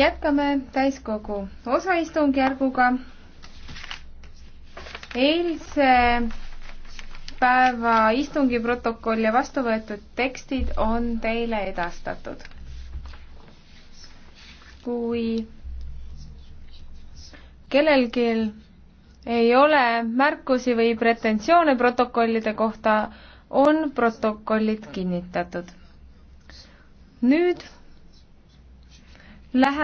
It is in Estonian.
jätkame täiskogu osaistungjärguga. eilse päeva istungi protokoll ja vastu võetud tekstid on teile edastatud. kui kellelgi ei ole märkusi või pretensioone protokollide kohta, on protokollid kinnitatud. nüüd läheme